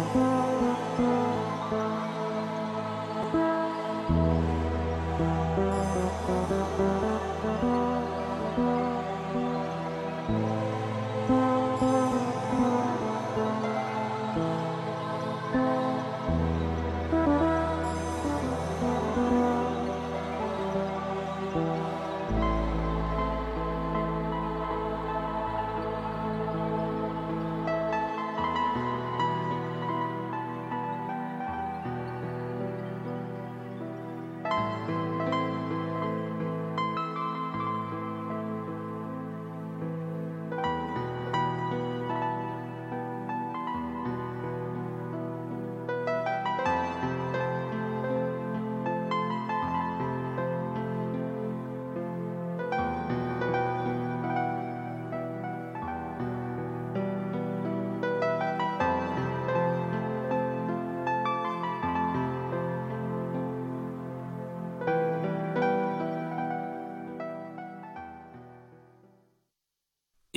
Thank you.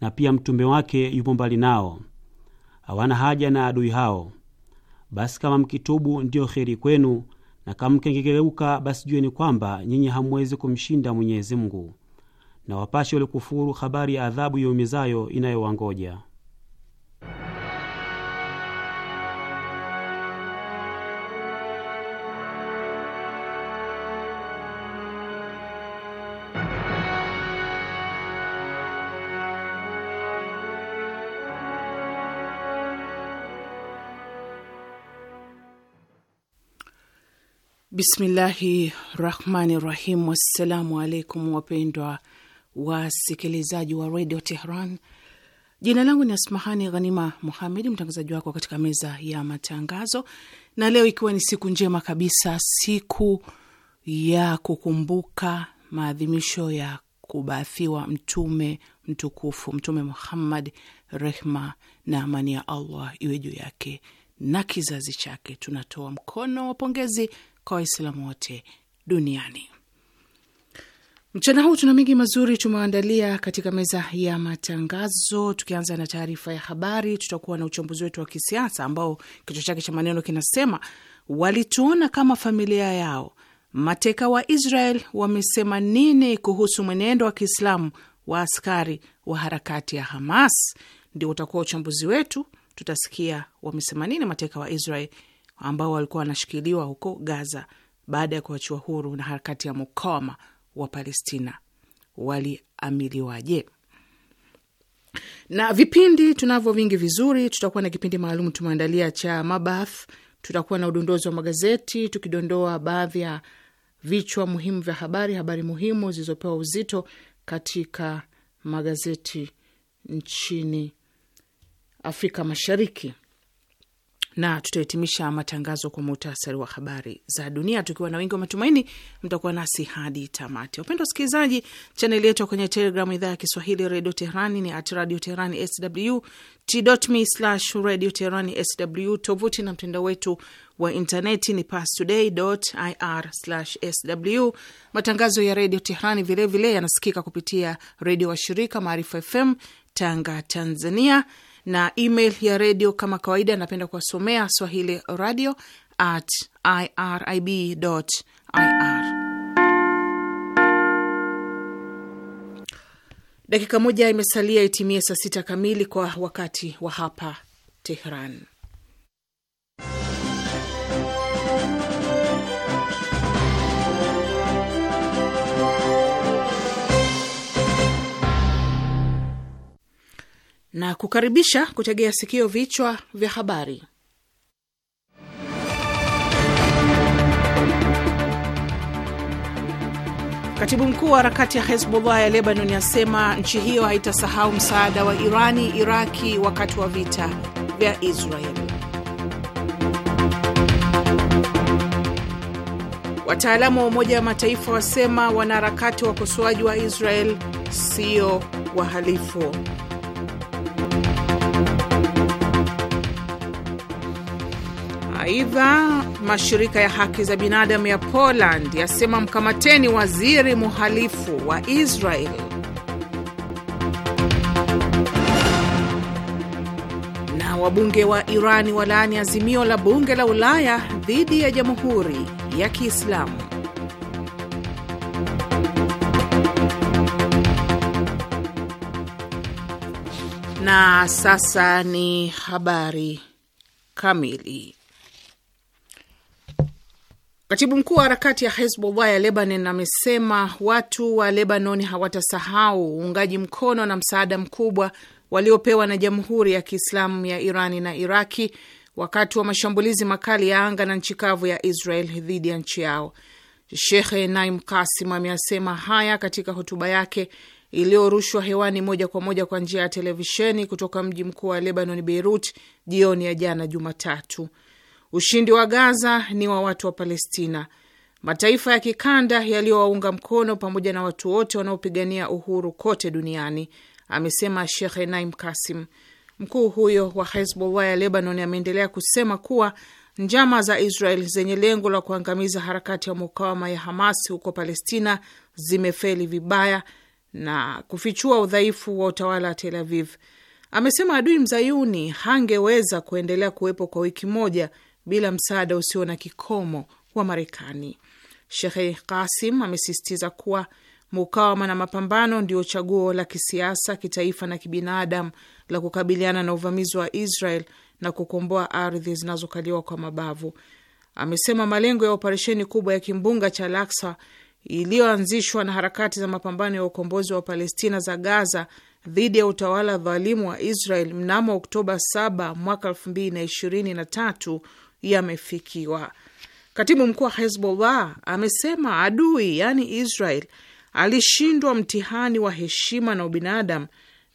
na pia mtume wake yupo mbali nao, hawana haja na adui hao. Basi kama mkitubu ndiyo kheri kwenu, na kama mkengegeuka, basi jueni kwamba nyinyi hamuwezi kumshinda Mwenyezi Mungu, na wapashe walikufuru habari ya adhabu yaumizayo inayowangoja. Bismillahi rahmani rahim. Wassalamu alaikum wapendwa wasikilizaji wa redio Tehran. Jina langu ni Asmahani Ghanima Muhamedi, mtangazaji wako katika meza ya matangazo, na leo ikiwa ni siku njema kabisa, siku ya kukumbuka maadhimisho ya kubaathiwa mtume mtukufu, Mtume Muhammad, rehma na amani ya Allah iwe juu yake na kizazi chake. Tunatoa mkono wa pongezi kwa Waislamu wote duniani. Mchana huu tuna mengi mazuri tumeandalia katika meza ya matangazo, tukianza na taarifa ya habari. Tutakuwa na uchambuzi wetu wa kisiasa ambao kichwa chake cha maneno kinasema walituona kama familia yao. Mateka wa Israel wamesema nini kuhusu mwenendo wa Kiislamu wa askari wa harakati ya Hamas? Ndio utakuwa uchambuzi wetu. Tutasikia wamesema nini mateka wa Israel ambao walikuwa wanashikiliwa huko Gaza baada ya kuachiwa huru na harakati ya mukawama wa Palestina waliamiliwaje? Na vipindi tunavyo vingi vizuri, tutakuwa na kipindi maalum tumeandalia cha mabath, tutakuwa na udondozi wa magazeti tukidondoa baadhi ya vichwa muhimu vya habari, habari muhimu zilizopewa uzito katika magazeti nchini Afrika Mashariki na tutahitimisha matangazo kwa muhtasari wa habari za dunia, tukiwa na wingi wa matumaini mtakuwa nasi hadi tamati. Wapendwa wasikilizaji, chaneli yetu kwenye Telegram idhaa ya Kiswahili Redio Teherani ni at Radio Teherani sw t.me slash Radio Teherani sw. Tovuti na mtandao wetu wa intaneti ni pastoday.ir/sw. Matangazo ya Redio Teherani vilevile yanasikika kupitia redio washirika Maarifa FM Tanga, Tanzania na email ya redio kama kawaida, napenda kuwasomea swahili radio at irib ir. Dakika moja imesalia itimie saa sita kamili kwa wakati wa hapa Tehran. na kukaribisha kutegea sikio vichwa vya habari. Katibu mkuu wa harakati ya Hezbollah ya Lebanon asema nchi hiyo haitasahau msaada wa Irani Iraki wakati wa vita vya Israel. Wataalamu wa Umoja wa Mataifa wasema wanaharakati wa ukosoaji wa Israel sio wahalifu. Aidha, mashirika ya haki za binadamu ya Poland yasema mkamateni waziri muhalifu wa Israel. Na wabunge wa Irani walaani azimio la bunge la Ulaya dhidi ya jamhuri ya Kiislamu. Na sasa ni habari kamili. Katibu mkuu wa harakati ya Hezbollah ya Lebanon amesema watu wa Lebanon hawatasahau uungaji mkono na msaada mkubwa waliopewa na Jamhuri ya Kiislamu ya Irani na Iraki wakati wa mashambulizi makali ya anga na nchi kavu ya Israel dhidi ya nchi yao. Shekhe Naim Kasim ameyasema haya katika hotuba yake iliyorushwa hewani moja kwa moja kwa njia ya televisheni kutoka mji mkuu wa Lebanon, Beirut, jioni ya jana Jumatatu. Ushindi wa Gaza ni wa watu wa Palestina. Mataifa ya kikanda yaliyowaunga mkono pamoja na watu wote wanaopigania uhuru kote duniani, amesema Shekh Naim Kasim. Mkuu huyo wa Hezbollah ya Lebanon ameendelea kusema kuwa njama za Israel zenye lengo la kuangamiza harakati ya mukawama ya Hamas huko Palestina zimefeli vibaya na kufichua udhaifu wa utawala wa Tel Aviv. Amesema adui mzayuni hangeweza kuendelea kuwepo kwa wiki moja bila msaada usio na kikomo wa Marekani. Shekhe Kasim amesisitiza kuwa mukawama na mapambano ndio chaguo la kisiasa, kitaifa na kibinadamu la kukabiliana na uvamizi wa Israel na kukomboa ardhi zinazokaliwa kwa mabavu. Amesema malengo ya operesheni kubwa ya kimbunga cha Laksa iliyoanzishwa na harakati za mapambano ya ukombozi wa Palestina za Gaza dhidi ya utawala dhalimu wa Israel mnamo Oktoba 7 mwaka 2023 yamefikiwa. Katibu mkuu wa Hezbollah amesema adui, yaani Israel, alishindwa mtihani wa heshima na ubinadamu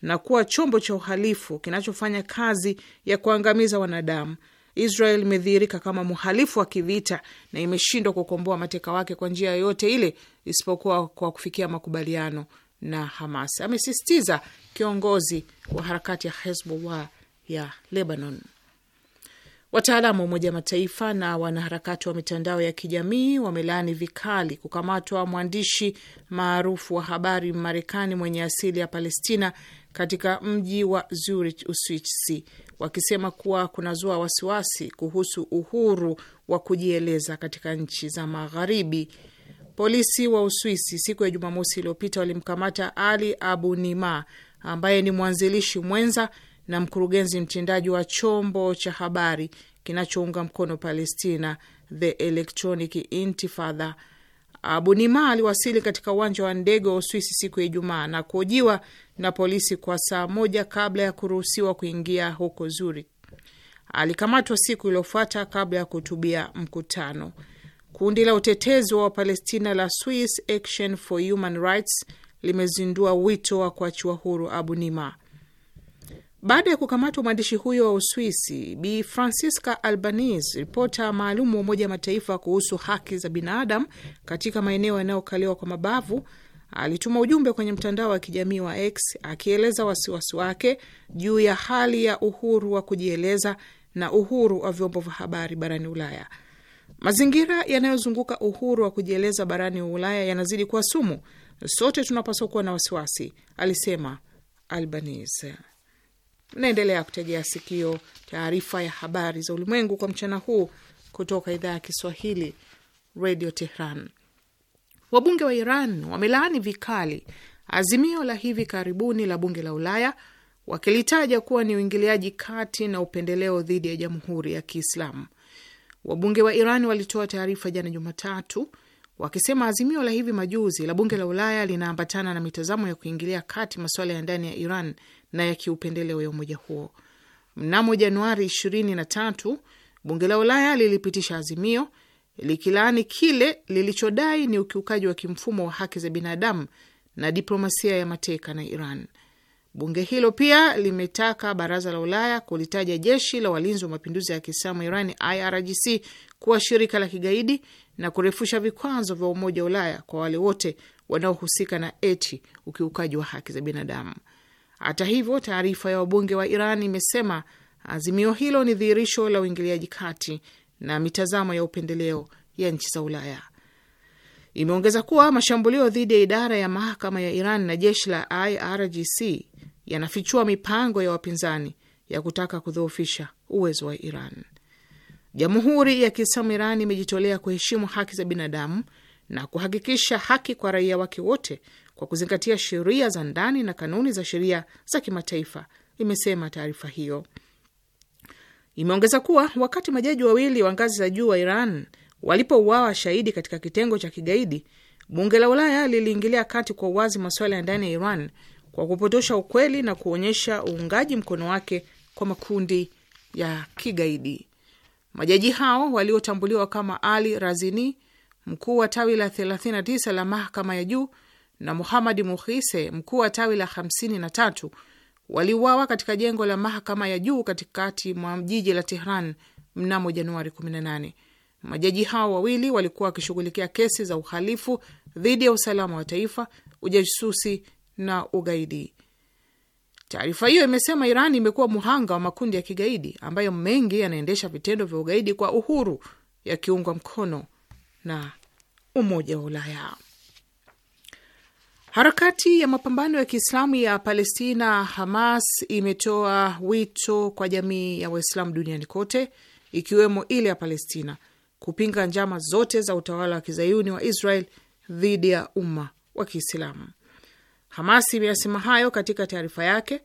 na kuwa chombo cha uhalifu kinachofanya kazi ya kuangamiza wanadamu. Israel imedhihirika kama mhalifu wa kivita na imeshindwa kukomboa mateka wake kwa njia yoyote ile isipokuwa kwa kufikia makubaliano na Hamas, amesisitiza kiongozi wa harakati ya Hezbollah ya Lebanon. Wataalamu wa Umoja Mataifa na wanaharakati wa mitandao ya kijamii wamelaani vikali kukamatwa mwandishi maarufu wa habari Marekani mwenye asili ya Palestina katika mji wa Zurich, Uswisi, wakisema kuwa kunazua wasiwasi kuhusu uhuru wa kujieleza katika nchi za Magharibi. Polisi wa Uswisi siku ya Jumamosi iliyopita walimkamata Ali Abu Nima ambaye ni mwanzilishi mwenza na mkurugenzi mtendaji wa chombo cha habari kinachounga mkono Palestina, The Electronic Intifadha. Abu Nima aliwasili katika uwanja wa ndege wa Uswisi siku ya Ijumaa na kuhojiwa na polisi kwa saa moja kabla ya kuruhusiwa kuingia huko zuri Alikamatwa siku iliyofuata kabla ya kuhutubia mkutano. Kundi la utetezi wa Wapalestina la Swiss Action for Human Rights limezindua wito wa kuachiwa huru Abu Nima. Baada ya kukamatwa mwandishi huyo wa Uswisi, Bi Francisca Albanese, ripota maalum wa Umoja wa Mataifa kuhusu haki za binadamu katika maeneo yanayokaliwa kwa mabavu, alituma ujumbe kwenye mtandao wa kijamii wa X akieleza wasiwasi wake juu ya hali ya uhuru wa kujieleza na uhuru wa vyombo vya habari barani Ulaya. Mazingira yanayozunguka uhuru wa kujieleza barani Ulaya yanazidi kuwa sumu. Sote tunapaswa kuwa na wasiwasi, alisema Albanese. Naendelea kutegea sikio taarifa ya habari za ulimwengu kwa mchana huu kutoka idhaa ya Kiswahili Radio Tehran. Wabunge wa Iran wamelaani vikali azimio la hivi karibuni la bunge la Ulaya wakilitaja kuwa ni uingiliaji kati na upendeleo dhidi ya jamhuri ya Kiislamu. Wabunge wa Iran walitoa taarifa jana Jumatatu wakisema azimio la hivi majuzi la bunge la Ulaya linaambatana na mitazamo ya kuingilia kati masuala ya ndani ya Iran na ya kiupendeleo ya umoja huo. Mnamo Januari 23 bunge la Ulaya lilipitisha azimio likilaani kile lilichodai ni ukiukaji wa kimfumo wa haki za binadamu na diplomasia ya mateka na Iran. Bunge hilo pia limetaka baraza la Ulaya kulitaja jeshi la walinzi wa mapinduzi ya Kiislamu Iran, IRGC, kuwa shirika la kigaidi na kurefusha vikwazo vya Umoja wa Ulaya kwa wale wote wanaohusika na eti ukiukaji wa haki za binadamu. Hata hivyo, taarifa ya wabunge wa Iran imesema azimio hilo ni dhihirisho la uingiliaji kati na mitazamo ya upendeleo ya nchi za Ulaya. Imeongeza kuwa mashambulio dhidi ya idara ya mahakama ya Iran na jeshi la IRGC yanafichua mipango ya wapinzani ya kutaka kudhoofisha uwezo wa Iran. Jamhuri ya Kiislamu Iran imejitolea kuheshimu haki za binadamu na kuhakikisha haki kwa raia wake wote kwa kuzingatia sheria za ndani na kanuni za sheria za kimataifa, imesema taarifa hiyo. Imeongeza kuwa wakati majaji wawili wa ngazi za juu wa Iran walipouawa shahidi katika kitengo cha kigaidi, bunge la Ulaya liliingilia kati kwa uwazi masuala ya ndani ya Iran kwa kupotosha ukweli na kuonyesha uungaji mkono wake kwa makundi ya kigaidi. Majaji hao waliotambuliwa kama Ali Razini, mkuu wa tawi la 39 la mahakama ya juu na Muhamad Muhise, mkuu wa tawi la 53 waliuawa katika jengo la mahakama ya juu katikati mwa jiji la Tehran mnamo Januari 18. Majaji hao wawili walikuwa wakishughulikia kesi za uhalifu dhidi ya usalama wa taifa, ujasusi na ugaidi. Taarifa hiyo imesema Iran imekuwa muhanga wa makundi ya kigaidi ambayo mengi yanaendesha vitendo vya ugaidi kwa uhuru, yakiungwa mkono na Umoja wa Ulaya. Harakati ya mapambano ya Kiislamu ya Palestina, Hamas, imetoa wito kwa jamii ya Waislamu duniani kote, ikiwemo ile ya Palestina, kupinga njama zote za utawala wa kizayuni wa Israel dhidi ya umma wa Kiislamu. Hamas imeyasema hayo katika taarifa yake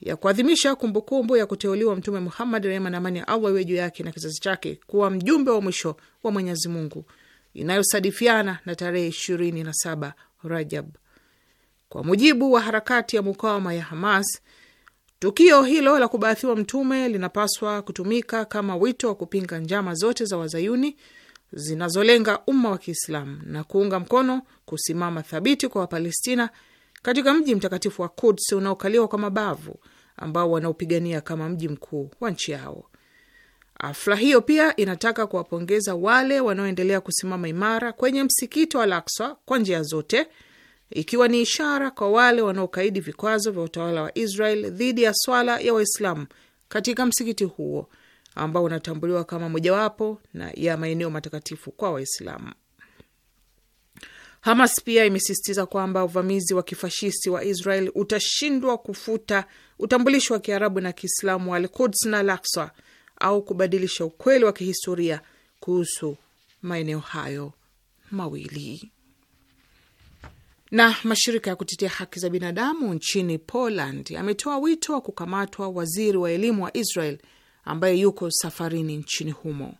ya kuadhimisha kumbukumbu ya kuteuliwa Mtume Muhammad, rehma na amani ya Allah iwe juu yake na kizazi chake, kuwa mjumbe wa mwisho wa Mwenyezi Mungu, inayosadifiana na tarehe 27 Rajab kwa mujibu wa harakati ya mukawama ya Hamas, tukio hilo la kubaathiwa mtume linapaswa kutumika kama wito wa kupinga njama zote za wazayuni zinazolenga umma wa Kiislamu na kuunga mkono kusimama thabiti kwa Wapalestina katika mji mtakatifu wa Kuds unaokaliwa kwa mabavu ambao wanaopigania kama mji mkuu wa nchi yao. Afla hiyo pia inataka kuwapongeza wale wanaoendelea kusimama imara kwenye msikiti wa Al-Aqsa kwa njia zote ikiwa ni ishara kwa wale wanaokaidi vikwazo vya utawala wa Israel dhidi ya swala ya Waislamu katika msikiti huo ambao unatambuliwa kama mojawapo na ya maeneo matakatifu kwa Waislamu. Hamas pia imesisitiza kwamba uvamizi wa kifashisti wa Israel utashindwa kufuta utambulisho wa Kiarabu na Kiislamu wa Al-Quds na Al-Aqsa au kubadilisha ukweli wa kihistoria kuhusu maeneo hayo mawili. Na mashirika ya kutetea haki za binadamu nchini Poland ametoa wito wa kukamatwa waziri wa elimu wa Israel ambaye yuko safarini nchini humo.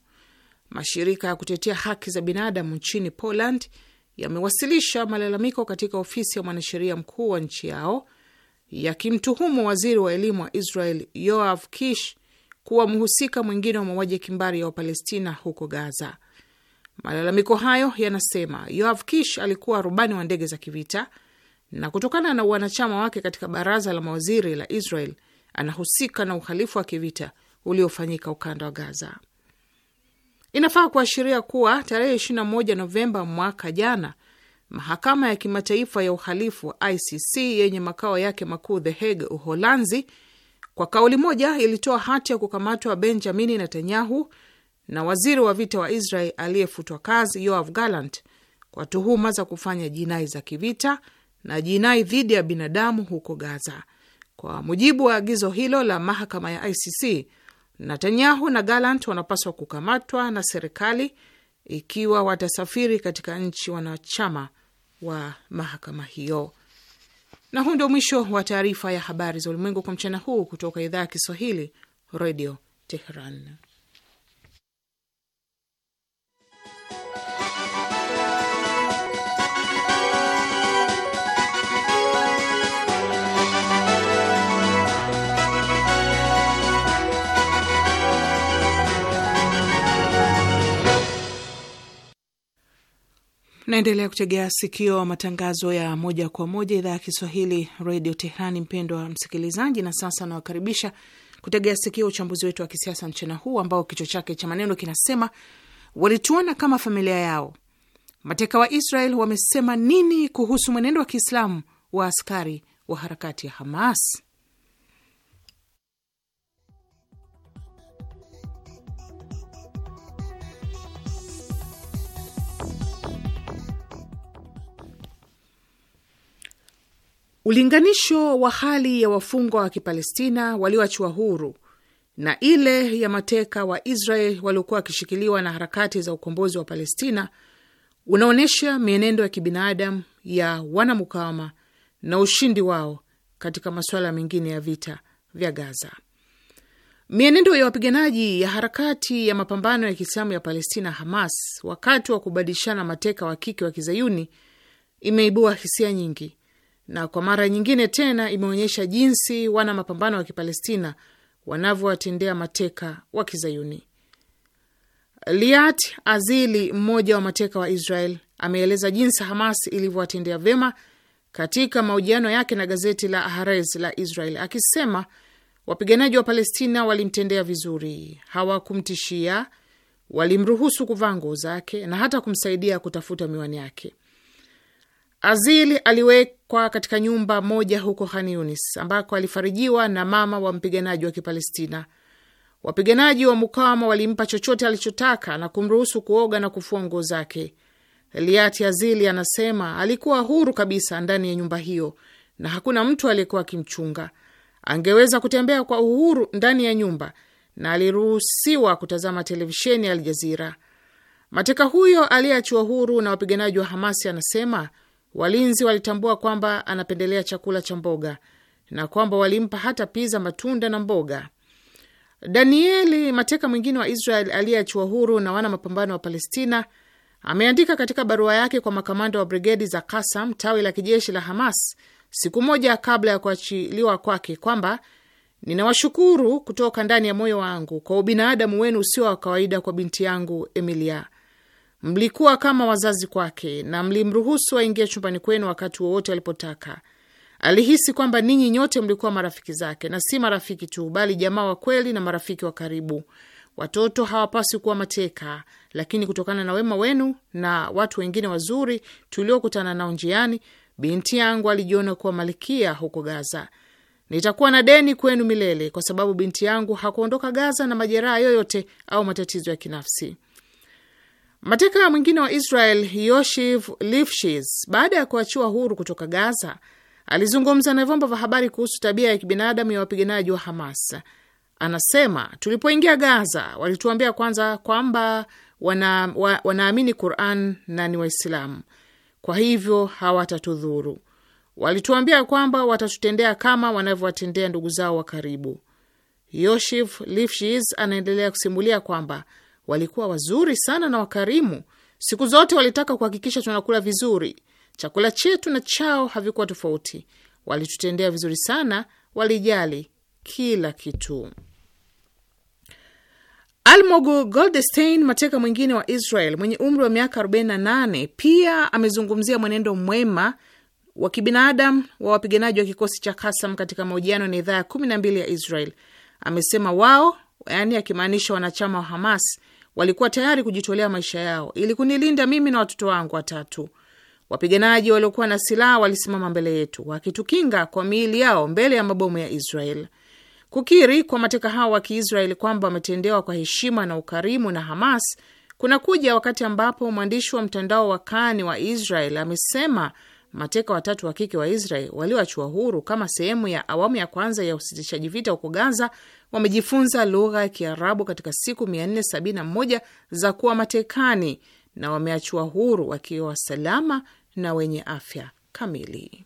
Mashirika ya kutetea haki za binadamu nchini Poland yamewasilisha malalamiko katika ofisi ya mwanasheria mkuu wa nchi yao yakimtuhumu waziri wa elimu wa Israel Yoav Kish kuwa mhusika mwingine wa mauaji ya kimbari ya Wapalestina huko Gaza. Malalamiko hayo yanasema Yoav Kish alikuwa rubani wa ndege za kivita na kutokana na wanachama wake katika baraza la mawaziri la Israel anahusika na uhalifu wa kivita uliofanyika ukanda wa Gaza. Inafaa kuashiria kuwa tarehe 21 Novemba mwaka jana, mahakama ya kimataifa ya uhalifu wa ICC yenye makao yake makuu The Hague, Uholanzi, kwa kauli moja ilitoa hati ya kukamatwa Benjamini Netanyahu na waziri wa vita wa Israel aliyefutwa kazi Yoav Gallant kwa tuhuma za kufanya jinai za kivita na jinai dhidi ya binadamu huko Gaza. Kwa mujibu wa agizo hilo la mahakama ya ICC, Netanyahu na Gallant wanapaswa kukamatwa na serikali ikiwa watasafiri katika nchi wanachama wa mahakama hiyo. Na huu ndio mwisho wa taarifa ya habari za ulimwengu kwa mchana huu kutoka idhaa ya Kiswahili, Redio Teheran. Naendelea kutegea sikio matangazo ya moja kwa moja idhaa ya Kiswahili redio Tehrani. Mpendwa msikilizaji, na sasa nawakaribisha kutegea sikio uchambuzi wetu wa kisiasa mchana huu ambao kichwa chake cha maneno kinasema walituona kama familia yao. Mateka wa Israel wamesema nini kuhusu mwenendo wa Kiislamu wa askari wa harakati ya Hamas? Ulinganisho wa hali ya wafungwa wa Kipalestina walioachiwa huru na ile ya mateka wa Israel waliokuwa wakishikiliwa na harakati za ukombozi wa Palestina unaonyesha mienendo ya kibinadamu ya wanamukawama na ushindi wao katika masuala mengine ya vita vya Gaza. Mienendo ya wapiganaji ya harakati ya mapambano ya Kiislamu ya Palestina, Hamas, wakati wa kubadilishana mateka wa kike wa kizayuni imeibua hisia nyingi na kwa mara nyingine tena imeonyesha jinsi wana mapambano wa Kipalestina wanavyowatendea mateka wa Kizayuni. Liat Azili, mmoja wa mateka wa Israel, ameeleza jinsi Hamas ilivyowatendea vyema katika mahojiano yake na gazeti la Haaretz la Israel, akisema wapiganaji wa Palestina walimtendea vizuri, hawakumtishia, walimruhusu kuvaa nguo zake na hata kumsaidia kutafuta miwani yake. Azili aliwe kwa katika nyumba moja huko Khan Yunis ambako alifarijiwa na mama wa mpiganaji wa Kipalestina. Wapiganaji wa mukawama walimpa chochote alichotaka na kumruhusu kuoga na kufua nguo zake. Eliati Azili anasema alikuwa huru kabisa ndani ya nyumba hiyo na hakuna mtu aliyekuwa akimchunga. Angeweza kutembea kwa uhuru ndani ya nyumba na aliruhusiwa kutazama televisheni ya Aljazira. Mateka huyo aliyeachiwa huru na wapiganaji wa Hamasi anasema Walinzi walitambua kwamba anapendelea chakula cha mboga na kwamba walimpa hata piza, matunda na mboga. Danieli, mateka mwingine wa Israel aliyeachiwa huru na wana mapambano wa Palestina, ameandika katika barua yake kwa makamanda wa brigedi za Kasam, tawi la kijeshi la Hamas, siku moja kabla ya kuachiliwa kwake kwamba ninawashukuru kutoka ndani ya moyo wangu kwa ubinadamu wenu usio wa kawaida kwa binti yangu Emilia. Mlikuwa kama wazazi kwake na mlimruhusu aingie chumbani kwenu wakati wowote alipotaka. Alihisi kwamba ninyi nyote mlikuwa marafiki zake, na si marafiki tu, bali jamaa wa kweli na marafiki wa karibu. Watoto hawapaswi kuwa mateka, lakini kutokana na wema wenu na watu wengine wazuri tuliokutana nao njiani, binti yangu alijiona kuwa malikia huko Gaza. Nitakuwa na deni kwenu milele, kwa sababu binti yangu hakuondoka Gaza na majeraha yoyote au matatizo ya kinafsi. Mateka mwingine wa Israel Yoshiv Lifshitz, baada ya kuachiwa huru kutoka Gaza, alizungumza na vyombo vya habari kuhusu tabia ya kibinadamu ya wapiganaji wa Hamas. Anasema, tulipoingia Gaza walituambia kwanza kwamba wana, wa, wanaamini Quran na ni Waislamu, kwa hivyo hawatatudhuru. Walituambia kwamba watatutendea kama wanavyowatendea ndugu zao wa karibu. Yoshiv Lifshitz anaendelea kusimulia kwamba walikuwa wazuri sana na wakarimu. Siku zote walitaka kuhakikisha tunakula vizuri. Chakula chetu na chao havikuwa tofauti. Walitutendea vizuri sana, walijali kila kitu. Almogu Goldstein, mateka mwingine wa Israel mwenye umri wa miaka 48, pia amezungumzia mwenendo mwema wa kibinadamu wa wapiganaji wa kikosi cha Kasam katika mahojiano na idhaa ya 12 ya Israel. Amesema wao, yaani akimaanisha wanachama wa Hamas, walikuwa tayari kujitolea maisha yao ili kunilinda mimi na watoto wangu watatu. Wapiganaji waliokuwa na silaha walisimama mbele yetu wakitukinga kwa miili yao mbele ya mabomu ya Israel. Kukiri kwa mateka hao wa Kiisraeli kwamba wametendewa kwa heshima na ukarimu na Hamas kunakuja wakati ambapo mwandishi wa mtandao wa Kani wa Israel amesema mateka watatu wa kike wa Israel walioachiwa huru kama sehemu ya awamu ya kwanza ya usitishaji vita huko Gaza wamejifunza lugha ya Kiarabu katika siku 471 za kuwa matekani na wameachiwa huru wakiwa salama na wenye afya kamili.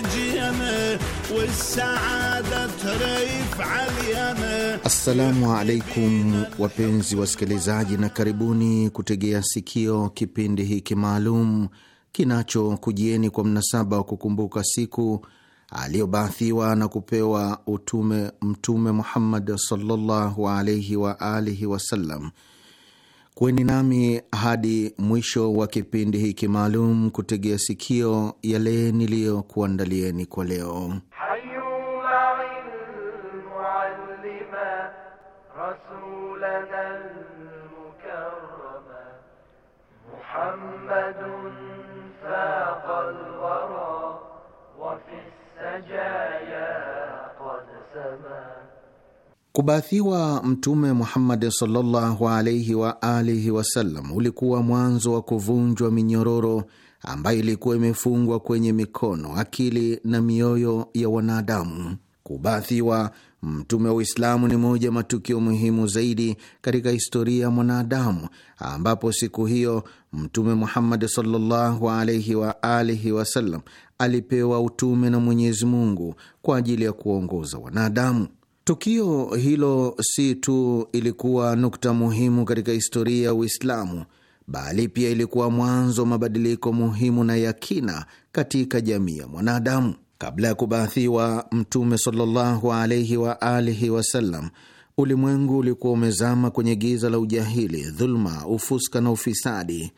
Assalamu alaikum wapenzi wasikilizaji, na karibuni kutegea sikio kipindi hiki maalum kinachokujieni kwa mnasaba wa kukumbuka siku aliyobaathiwa na kupewa utume Mtume Muhammad sallallahu alaihi wa alihi wasallam Kweni nami hadi mwisho wa kipindi hiki maalum kutegea sikio yale niliyokuandalieni kwa leo. Kubaathiwa Mtume Muhammad sallallahu alaihi wa alihi wasallam ulikuwa mwanzo wa kuvunjwa minyororo ambayo ilikuwa imefungwa kwenye mikono, akili na mioyo ya wanadamu. Kubathiwa mtume wa Uislamu ni moja ya matukio muhimu zaidi katika historia ya mwanadamu, ambapo siku hiyo Mtume Muhammad sallallahu alaihi wa alihi wasallam alipewa utume na Mwenyezi Mungu kwa ajili ya kuongoza wanadamu. Tukio hilo si tu ilikuwa nukta muhimu katika historia ya Uislamu, bali pia ilikuwa mwanzo wa mabadiliko muhimu na ya kina katika jamii ya mwanadamu. Kabla ya kubaathiwa Mtume sallallahu alaihi wa alihi wasallam, ulimwengu ulikuwa umezama kwenye giza la ujahili, dhuluma, ufuska na ufisadi.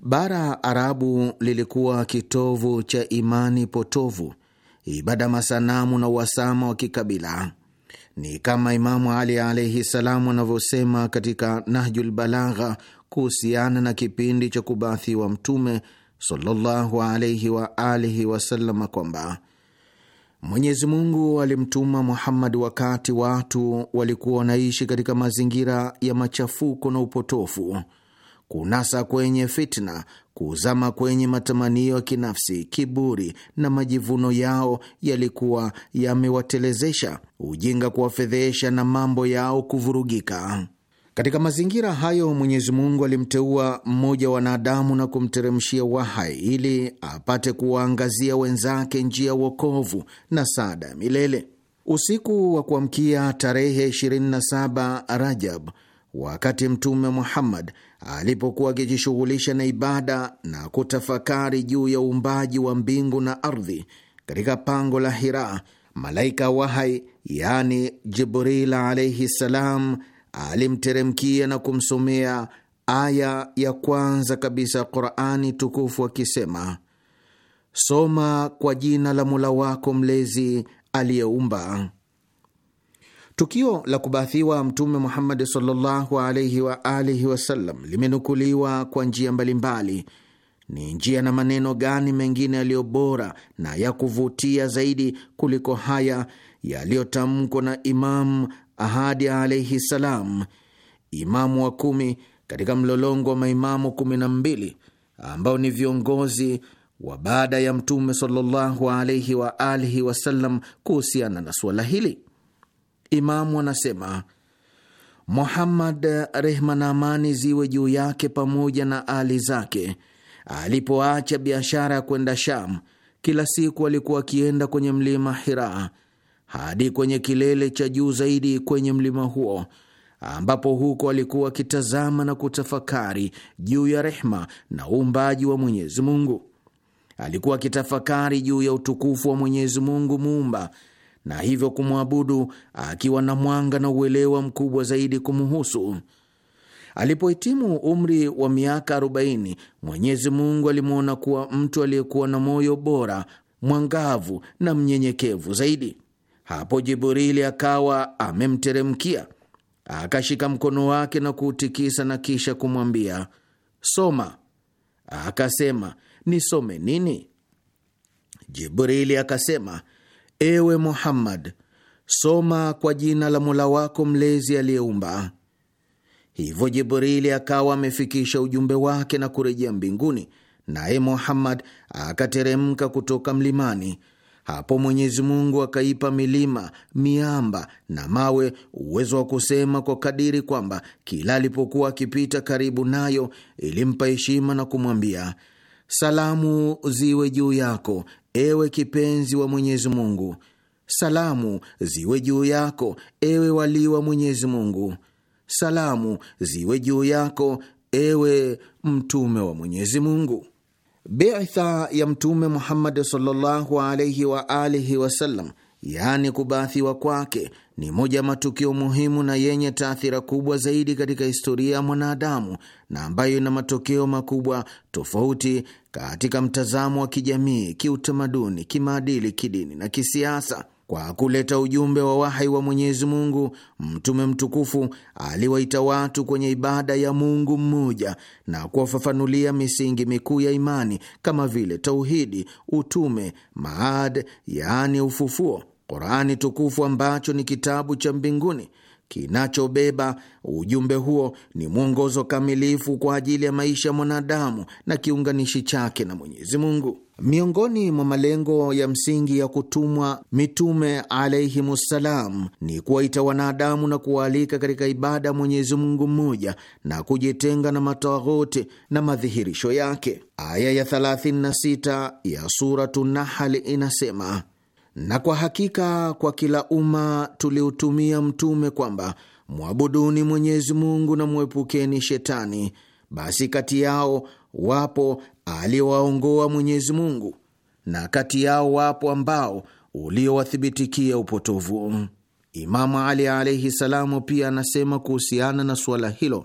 Bara Arabu lilikuwa kitovu cha imani potovu, ibada masanamu na uhasama wa kikabila. Ni kama Imamu Ali alaihi salam anavyosema katika Nahjul Balagha kuhusiana na kipindi cha kubaathiwa Mtume sallallahu alaihi wa alihi wasallam kwamba Mwenyezi Mungu alimtuma Muhammad wakati watu walikuwa wanaishi katika mazingira ya machafuko na upotofu kunasa kwenye fitna, kuzama kwenye matamanio ya kinafsi, kiburi na majivuno yao yalikuwa yamewatelezesha, ujinga kuwafedhehesha na mambo yao kuvurugika. Katika mazingira hayo Mwenyezi Mungu alimteua mmoja wa wanadamu na kumteremshia wahai ili apate kuwaangazia wenzake njia ya wokovu na saada ya milele. Usiku wa kuamkia tarehe 27 Rajab Wakati Mtume Muhammad alipokuwa akijishughulisha na ibada na kutafakari juu ya uumbaji wa mbingu na ardhi katika pango la Hira, malaika wahai, yani Jibril alaihi salam, alimteremkia na kumsomea aya ya kwanza kabisa Qurani tukufu akisema, soma kwa jina la Mola wako mlezi aliyeumba Tukio la kubathiwa Mtume Muhammad sallallahu alaihi wa alihi wasallam limenukuliwa kwa njia mbalimbali. Ni njia na maneno gani mengine yaliyo bora na ya kuvutia zaidi kuliko haya yaliyotamkwa na Imamu Ahadi alaihi salam, imamu wa kumi katika mlolongo wa maimamu kumi na mbili ambao ni viongozi wa baada ya Mtume sallallahu alaihi wa alihi wasallam kuhusiana na suala hili? Imamu anasema Muhammad, rehma na amani ziwe juu yake pamoja na ali zake, alipoacha biashara ya kwenda Sham, kila siku alikuwa akienda kwenye mlima Hira hadi kwenye kilele cha juu zaidi kwenye mlima huo, ambapo huko alikuwa akitazama na kutafakari juu ya rehma na uumbaji wa Mwenyezi Mungu. Alikuwa akitafakari juu ya utukufu wa Mwenyezi Mungu muumba na hivyo kumwabudu akiwa na mwanga na uelewa mkubwa zaidi kumuhusu. Alipohitimu umri wa miaka 40, Mwenyezi Mungu alimwona kuwa mtu aliyekuwa na moyo bora, mwangavu na mnyenyekevu zaidi. Hapo Jiburili akawa amemteremkia, akashika mkono wake na kuutikisa na kisha kumwambia soma. Akasema, nisome nini? Jibrili akasema Ewe Muhammad, soma kwa jina la Mola wako mlezi aliyeumba. Hivyo Jibrili akawa amefikisha ujumbe wake na kurejea mbinguni, naye Muhammad akateremka kutoka mlimani. Hapo Mwenyezi Mungu akaipa milima, miamba na mawe uwezo wa kusema kwa kadiri kwamba kila alipokuwa akipita karibu nayo ilimpa heshima na kumwambia, salamu ziwe juu yako, ewe kipenzi wa Mwenyezi Mungu, salamu ziwe juu yako, ewe walii wa Mwenyezi Mungu, salamu ziwe juu yako, ewe mtume wa Mwenyezi Mungu. Bitha ya Mtume Muhammad sallallahu alaihi wa alihi wasallam, yaani kubathiwa kwake ni moja ya matukio muhimu na yenye taathira kubwa zaidi katika historia ya mwanadamu na ambayo ina matokeo makubwa tofauti katika mtazamo wa kijamii, kiutamaduni, kimaadili, kidini na kisiasa. Kwa kuleta ujumbe wa wahai wa Mwenyezi Mungu, Mtume mtukufu aliwaita watu kwenye ibada ya Mungu mmoja na kuwafafanulia misingi mikuu ya imani kama vile tauhidi, utume, maad, yaani ufufuo Qurani tukufu ambacho ni kitabu cha mbinguni kinachobeba ujumbe huo ni mwongozo kamilifu kwa ajili ya maisha ya mwanadamu na kiunganishi chake na Mwenyezi Mungu. Miongoni mwa malengo ya msingi ya kutumwa mitume alaihimussalam ni kuwaita wanadamu na kuwaalika katika ibada ya Mwenyezi Mungu mmoja na kujitenga na matawaghuti na madhihirisho yake. Aya ya 36 ya Suratu Nahal inasema na kwa hakika kwa kila umma tuliutumia mtume kwamba mwabuduni Mwenyezi Mungu na mwepukeni shetani, basi kati yao wapo aliowaongoa Mwenyezi Mungu na kati yao wapo ambao uliowathibitikia upotovu. Imamu Ali alaihi salamu pia anasema kuhusiana na suala hilo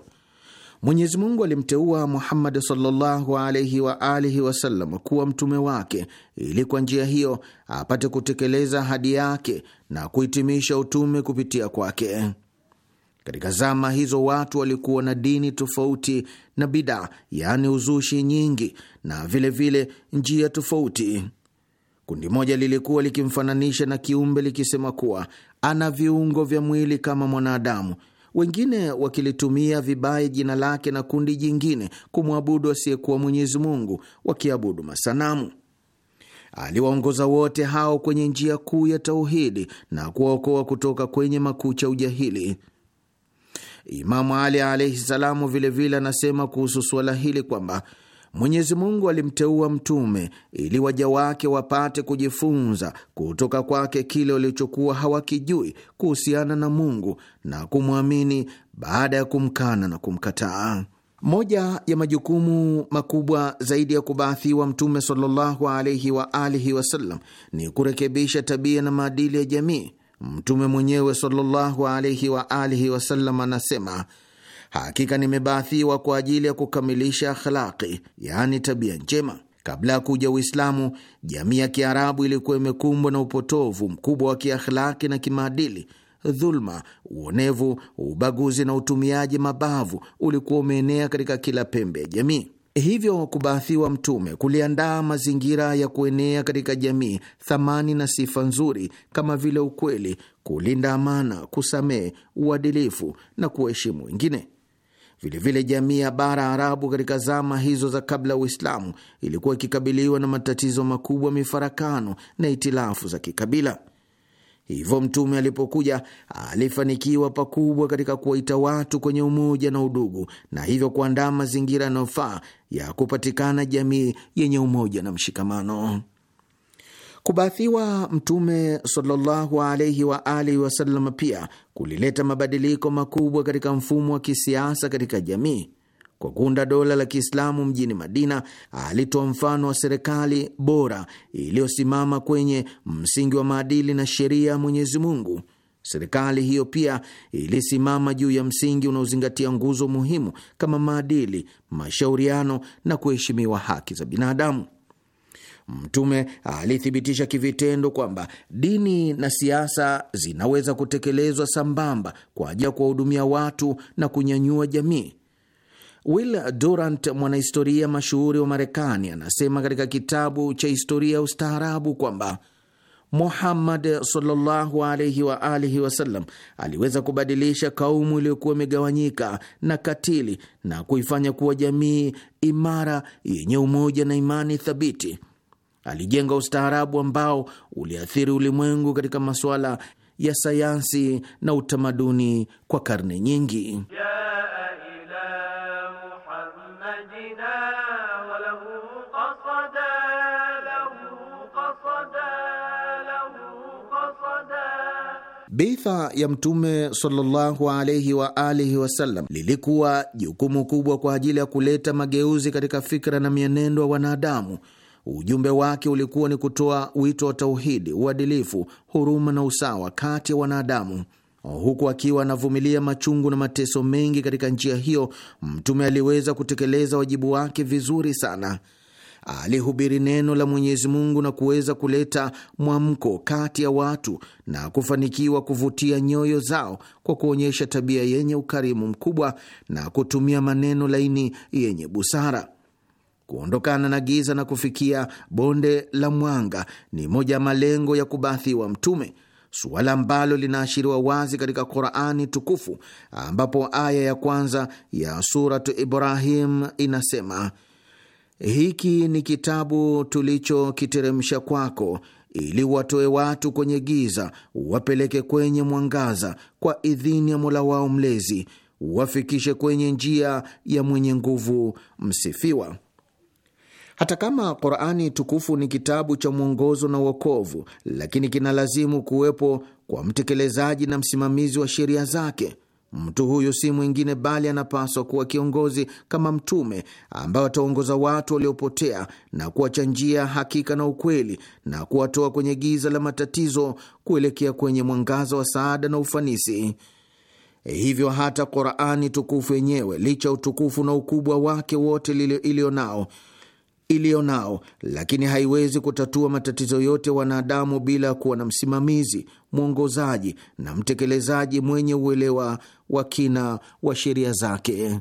Mwenyezi Mungu alimteua Muhammad sallallahu alaihi wa alihi wasallam kuwa mtume wake ili kwa njia hiyo apate kutekeleza hadi yake na kuhitimisha utume kupitia kwake. Katika zama hizo watu walikuwa na dini tofauti na bidaa, yaani uzushi nyingi, na vilevile vile njia tofauti. Kundi moja lilikuwa likimfananisha na kiumbe likisema kuwa ana viungo vya mwili kama mwanadamu wengine wakilitumia vibaya jina lake na kundi jingine kumwabudu asiyekuwa Mwenyezi Mungu, wakiabudu masanamu. Aliwaongoza wote hao kwenye njia kuu ya tauhidi na kuwaokoa kutoka kwenye makucha ujahili. Imamu Ali alaihi salamu vilevile anasema kuhusu suala hili kwamba Mwenyezi Mungu alimteua mtume ili waja wake wapate kujifunza kutoka kwake kile walichokuwa hawakijui kuhusiana na Mungu na kumwamini baada ya kumkana na kumkataa. Moja ya majukumu makubwa zaidi ya kubaathiwa mtume sallallahu alaihi wa alihi wasallam ni kurekebisha tabia na maadili ya jamii. Mtume mwenyewe sallallahu alaihi wa alihi wasallam anasema hakika nimebaathiwa kwa ajili ya kukamilisha akhlaqi, yaani tabia njema. Kabla ya kuja Uislamu, jamii ya Kiarabu ilikuwa imekumbwa na upotovu mkubwa wa kiakhlaki na kimaadili. Dhuluma, uonevu, ubaguzi na utumiaji mabavu ulikuwa umeenea katika kila pembe ya jamii. Hivyo kubaathiwa Mtume kuliandaa mazingira ya kuenea katika jamii thamani na sifa nzuri kama vile ukweli, kulinda amana, kusamehe, uadilifu na kuheshimu wengine. Vilevile jamii ya bara Arabu katika zama hizo za kabla ya Uislamu ilikuwa ikikabiliwa na matatizo makubwa, mifarakano na itilafu za kikabila. Hivyo Mtume alipokuja alifanikiwa pakubwa katika kuwaita watu kwenye umoja na udugu, na hivyo kuandaa mazingira yanayofaa ya kupatikana jamii yenye umoja na mshikamano. Kubaathiwa Mtume sallallahu alaihi wa alihi wasallam pia kulileta mabadiliko makubwa katika mfumo wa kisiasa katika jamii. Kwa kuunda dola la Kiislamu mjini Madina, alitoa mfano wa serikali bora iliyosimama kwenye msingi wa maadili na sheria ya Mwenyezi Mungu. Serikali hiyo pia ilisimama juu ya msingi unaozingatia nguzo muhimu kama maadili, mashauriano na kuheshimiwa haki za binadamu. Mtume alithibitisha kivitendo kwamba dini na siasa zinaweza kutekelezwa sambamba kwa ajili ya kuwahudumia watu na kunyanyua jamii. Will Durant, mwanahistoria mashuhuri wa Marekani, anasema katika kitabu cha historia ya ustaarabu kwamba Muhammad sallallahu alaihi wa alihi wasallam aliweza kubadilisha kaumu iliyokuwa imegawanyika na katili na kuifanya kuwa jamii imara yenye umoja na imani thabiti. Alijenga ustaarabu ambao uliathiri ulimwengu katika masuala ya sayansi na utamaduni kwa karne nyingi. Bitha ya Mtume sallallahu alaihi wa alihi wasallam lilikuwa jukumu kubwa kwa ajili ya kuleta mageuzi katika fikra na mienendo ya wanadamu Ujumbe wake ulikuwa ni kutoa wito wa tauhidi, uadilifu, huruma na usawa kati ya wanadamu. Huku akiwa anavumilia machungu na mateso mengi katika njia hiyo, Mtume aliweza kutekeleza wajibu wake vizuri sana. Alihubiri neno la Mwenyezi Mungu na kuweza kuleta mwamko kati ya watu na kufanikiwa kuvutia nyoyo zao kwa kuonyesha tabia yenye ukarimu mkubwa na kutumia maneno laini yenye busara. Kuondokana na giza na kufikia bonde la mwanga ni moja ya malengo ya kubathiwa Mtume, suala ambalo linaashiriwa wazi katika Qurani Tukufu, ambapo aya ya kwanza ya Suratu Ibrahim inasema hiki ni kitabu tulichokiteremsha kwako ili watoe watu kwenye giza wapeleke kwenye mwangaza kwa idhini ya Mola wao Mlezi, wafikishe kwenye njia ya mwenye nguvu msifiwa. Hata kama Qurani tukufu ni kitabu cha mwongozo na uokovu, lakini kinalazimu kuwepo kwa mtekelezaji na msimamizi wa sheria zake. Mtu huyu si mwingine bali anapaswa kuwa kiongozi kama mtume ambaye ataongoza watu waliopotea na kuwachanjia hakika na ukweli na kuwatoa kwenye giza la matatizo kuelekea kwenye mwangaza wa saada na ufanisi. Hivyo hata Qurani tukufu yenyewe licha ya utukufu na ukubwa wake wote iliyo nao iliyo nao, lakini haiwezi kutatua matatizo yote wanadamu bila kuwa na msimamizi, mwongozaji na mtekelezaji mwenye uelewa wa kina wa sheria zake.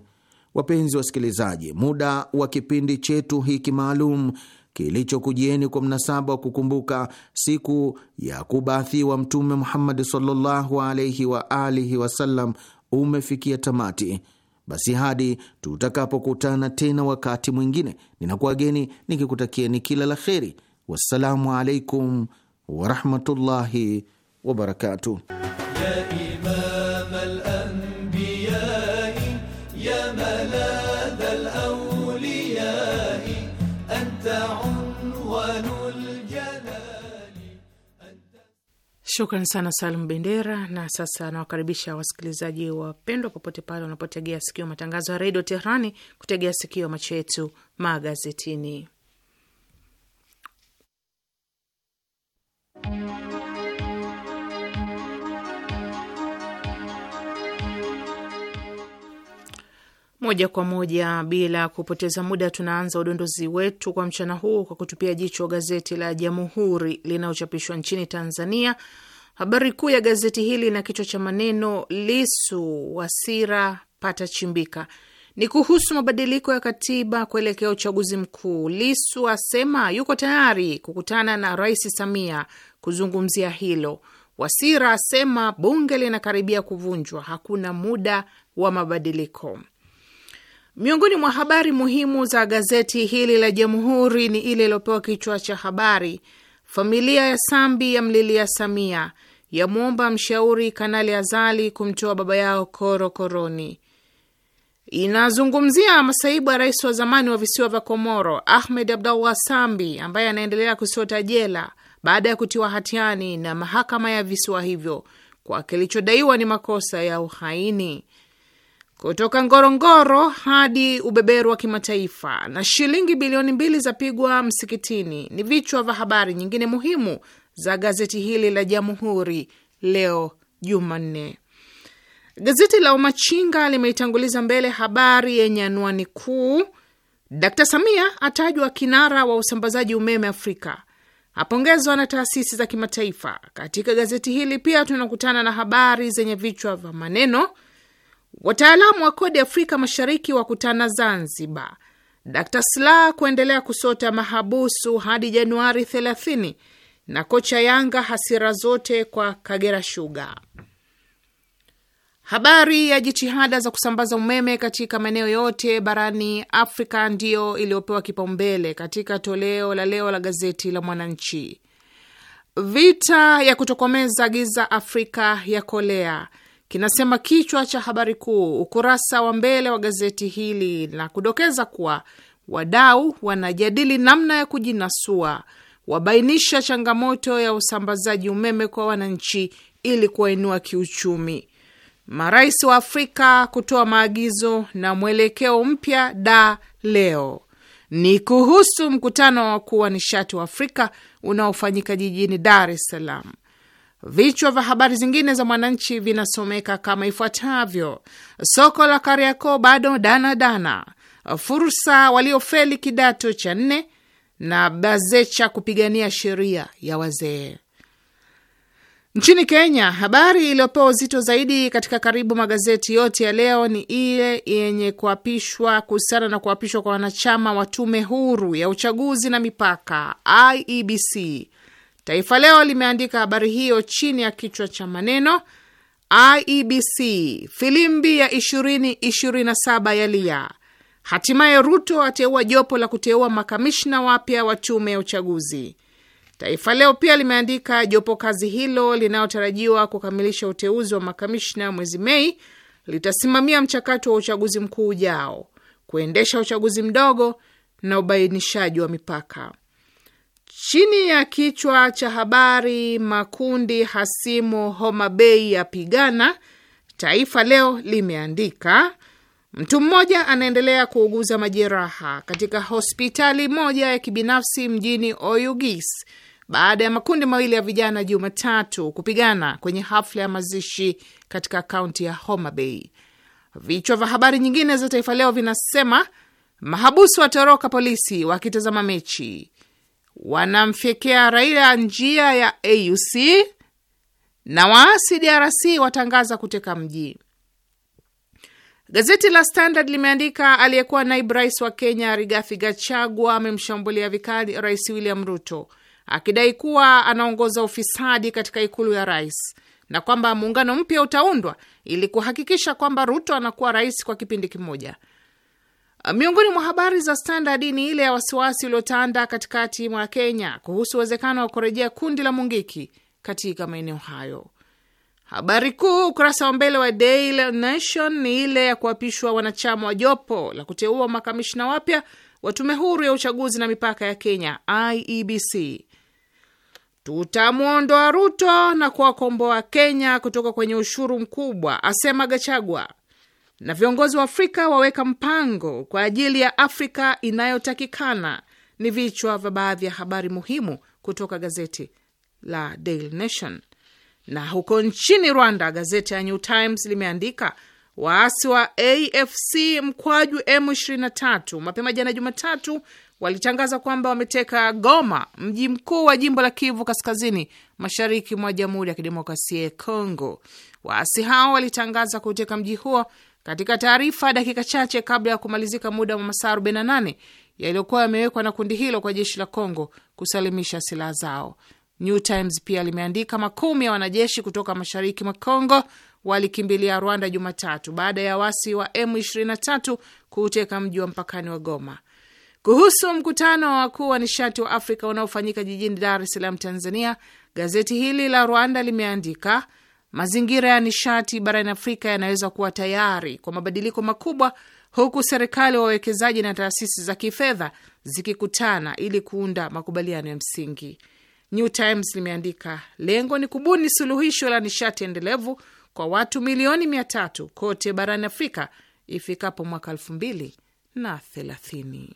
Wapenzi wasikilizaji, muda wa kipindi chetu hiki maalum kilichokujieni kwa mnasaba wa kukumbuka siku ya kubaathiwa Mtume Muhammadi sallallahu alaihi wa alihi wasallam umefikia tamati. Basi hadi tutakapokutana tena wakati mwingine, ninakuwageni nikikutakieni kila la kheri. Wassalamu alaikum warahmatullahi wabarakatuh. Shukran sana Salum Bendera. Na sasa nawakaribisha wasikilizaji wapendwa, popote pale wanapotegea sikio matangazo ya redio Tehrani, kutegea sikio macho yetu magazetini. Moja kwa moja bila kupoteza muda, tunaanza udondozi wetu kwa mchana huu kwa kutupia jicho gazeti la Jamhuri linalochapishwa nchini Tanzania. Habari kuu ya gazeti hili na kichwa cha maneno Lisu Wasira pata chimbika ni kuhusu mabadiliko ya katiba kuelekea uchaguzi mkuu. Lisu asema yuko tayari kukutana na Rais Samia kuzungumzia hilo. Wasira asema bunge linakaribia kuvunjwa, hakuna muda wa mabadiliko. Miongoni mwa habari muhimu za gazeti hili la Jamhuri ni ile iliyopewa kichwa cha habari, familia ya Sambi yamlilia Samia, yamwomba mshauri Kanali Azali kumtoa baba yao korokoroni. Inazungumzia masaibu ya rais wa zamani wa visiwa vya Komoro Ahmed Abdallah Sambi ambaye anaendelea kusota jela baada ya kutiwa hatiani na mahakama ya visiwa hivyo kwa kilichodaiwa ni makosa ya uhaini kutoka Ngorongoro hadi ubeberu wa kimataifa na shilingi bilioni mbili zapigwa msikitini, ni vichwa vya habari nyingine muhimu za gazeti hili la Jamhuri leo Jumanne. Gazeti la Umachinga limeitanguliza mbele habari yenye anwani kuu, Dkt Samia atajwa kinara wa usambazaji umeme Afrika, apongezwa na taasisi za kimataifa. Katika gazeti hili pia tunakutana na habari zenye vichwa vya maneno Wataalamu wa kodi Afrika Mashariki wakutana Zanzibar. d sla kuendelea kusota mahabusu hadi Januari 30 na kocha Yanga hasira zote kwa Kagera Sugar. Habari ya jitihada za kusambaza umeme katika maeneo yote barani Afrika ndiyo iliyopewa kipaumbele katika toleo la leo la gazeti la Mwananchi. Vita ya kutokomeza giza Afrika ya kolea kinasema kichwa cha habari kuu ukurasa wa mbele wa gazeti hili na kudokeza kuwa wadau wanajadili namna ya kujinasua, wabainisha changamoto ya usambazaji umeme kwa wananchi ili kuwainua kiuchumi, marais wa Afrika kutoa maagizo na mwelekeo mpya da leo ni kuhusu mkutano wa wakuu wa nishati wa Afrika unaofanyika jijini Dar es Salaam. Vichwa vya habari zingine za Mwananchi vinasomeka kama ifuatavyo: soko la Kariakoo bado danadana dana, fursa waliofeli kidato cha nne, na Bazecha kupigania sheria ya wazee. Nchini Kenya, habari iliyopewa uzito zaidi katika karibu magazeti yote ya leo ni ile yenye kuapishwa kuhusiana na kuapishwa kwa wanachama wa tume huru ya uchaguzi na mipaka IEBC Taifa Leo limeandika habari hiyo chini ya kichwa cha maneno IEBC filimbi ya 2027 yalia, hatimaye Ruto ateua jopo la kuteua makamishna wapya wa tume ya uchaguzi. Taifa Leo pia limeandika jopo kazi hilo linalotarajiwa kukamilisha uteuzi wa makamishna mwezi Mei litasimamia mchakato wa uchaguzi mkuu ujao, kuendesha uchaguzi mdogo na ubainishaji wa mipaka. Chini ya kichwa cha habari makundi hasimu Homa Bay yapigana, Taifa Leo limeandika mtu mmoja anaendelea kuuguza majeraha katika hospitali moja ya kibinafsi mjini Oyugis baada ya makundi mawili ya vijana Jumatatu kupigana kwenye hafla ya mazishi katika kaunti ya Homa Bay. Vichwa vya habari nyingine za Taifa Leo vinasema mahabusu watoroka polisi wakitazama mechi wanamfyekea Raila njia ya AUC na waasi DRC watangaza kuteka mji. Gazeti la Standard limeandika aliyekuwa naibu rais wa Kenya Rigathi Gachagua amemshambulia vikali Rais William Ruto akidai kuwa anaongoza ufisadi katika ikulu ya rais na kwamba muungano mpya utaundwa ili kuhakikisha kwamba Ruto anakuwa rais kwa kipindi kimoja. Miongoni mwa habari za Standard ni ile ya wasiwasi uliotanda katikati mwa Kenya kuhusu uwezekano wa kurejea kundi la Mungiki katika maeneo hayo. Habari kuu ukurasa wa mbele wa Daily Nation ni ile ya kuapishwa wanachama wa jopo la kuteua makamishina wapya wa tume huru ya uchaguzi na mipaka ya Kenya, IEBC. Tutamwondoa Ruto na kuwakomboa Kenya kutoka kwenye ushuru mkubwa, asema Gachagua na viongozi wa Afrika waweka mpango kwa ajili ya Afrika inayotakikana ni vichwa vya baadhi ya habari muhimu kutoka gazeti la Daily Nation. Na huko nchini Rwanda, gazeti ya New Times limeandika waasi wa AFC mkwaju M23 mapema jana Jumatatu walitangaza kwamba wameteka Goma, mji mkuu wa jimbo la Kivu Kaskazini, mashariki mwa Jamhuri ya Kidemokrasia ya Kongo. Waasi hao walitangaza kuteka mji huo katika taarifa dakika chache kabla ya kumalizika muda wa masaa 48 yaliyokuwa yamewekwa na kundi hilo kwa jeshi la Kongo kusalimisha silaha zao, New Times pia limeandika makumi ya wanajeshi kutoka mashariki mwa Kongo walikimbilia Rwanda Jumatatu baada ya wasi wa M23 kuuteka mji wa mpakani wa Goma. Kuhusu mkutano wa wakuu wa nishati wa Afrika unaofanyika jijini Dar es Salaam, Tanzania, gazeti hili la Rwanda limeandika Mazingira ya nishati barani Afrika yanaweza kuwa tayari kwa mabadiliko makubwa, huku serikali, wawekezaji na taasisi za kifedha zikikutana ili kuunda makubaliano ya msingi. New Times limeandika, lengo ni kubuni suluhisho la nishati endelevu kwa watu milioni mia tatu kote barani Afrika ifikapo mwaka elfu mbili na thelathini.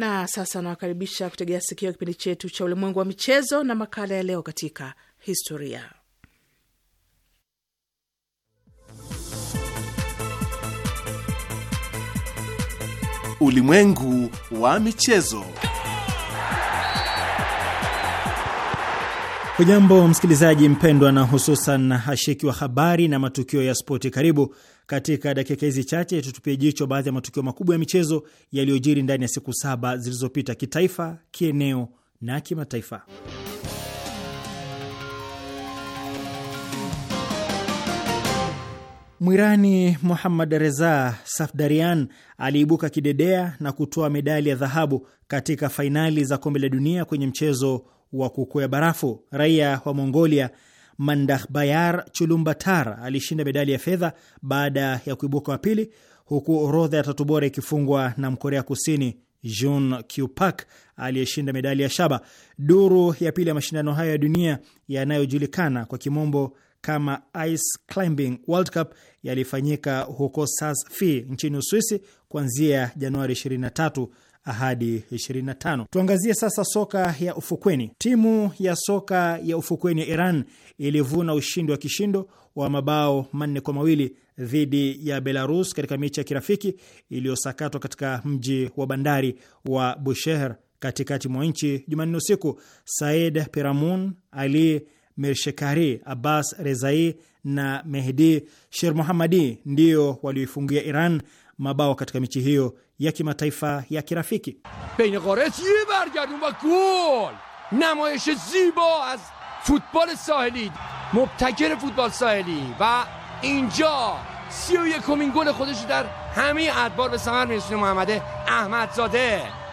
Na sasa nawakaribisha kutegea sikio kipindi chetu cha ulimwengu wa michezo na makala ya leo katika historia. Ulimwengu wa michezo. Hujambo msikilizaji mpendwa, na hususan hashiki wa habari na matukio ya spoti. Karibu katika dakika hizi chache tutupie jicho baadhi ya matukio makubwa ya michezo yaliyojiri ndani ya siku saba zilizopita, kitaifa, kieneo na kimataifa. Mwirani Muhammad Reza Safdarian aliibuka kidedea na kutoa medali ya dhahabu katika fainali za kombe la dunia kwenye mchezo wa kukwea barafu. Raia wa Mongolia Mandakhbayar Chulumbatar alishinda medali ya fedha baada ya kuibuka wa pili, huku orodha ya tatu bora ikifungwa na Mkorea Kusini Jun Kupak aliyeshinda medali ya shaba. Duru ya pili ya mashindano hayo ya dunia yanayojulikana kwa kimombo kama Ice Climbing World Cup yalifanyika huko Saas Fee nchini Uswisi kuanzia Januari 23 hadi 25. Tuangazie sasa soka ya ufukweni. Timu ya soka ya ufukweni ya Iran ilivuna ushindi wa kishindo wa mabao manne kwa mawili dhidi ya Belarus katika mechi ya kirafiki iliyosakatwa katika mji wa bandari wa Bushehr katikati mwa nchi Jumanne usiku. Said Piramun, Ali Mirshekari, Abbas Rezai na Mehdi Sher Muhamadi ndio walioifungia Iran mabao katika michi hiyo ya kimataifa ya kirafiki bein qora tire bargardun va gol namayish zibo az futbol sahili mubtaker futbol sahili va inja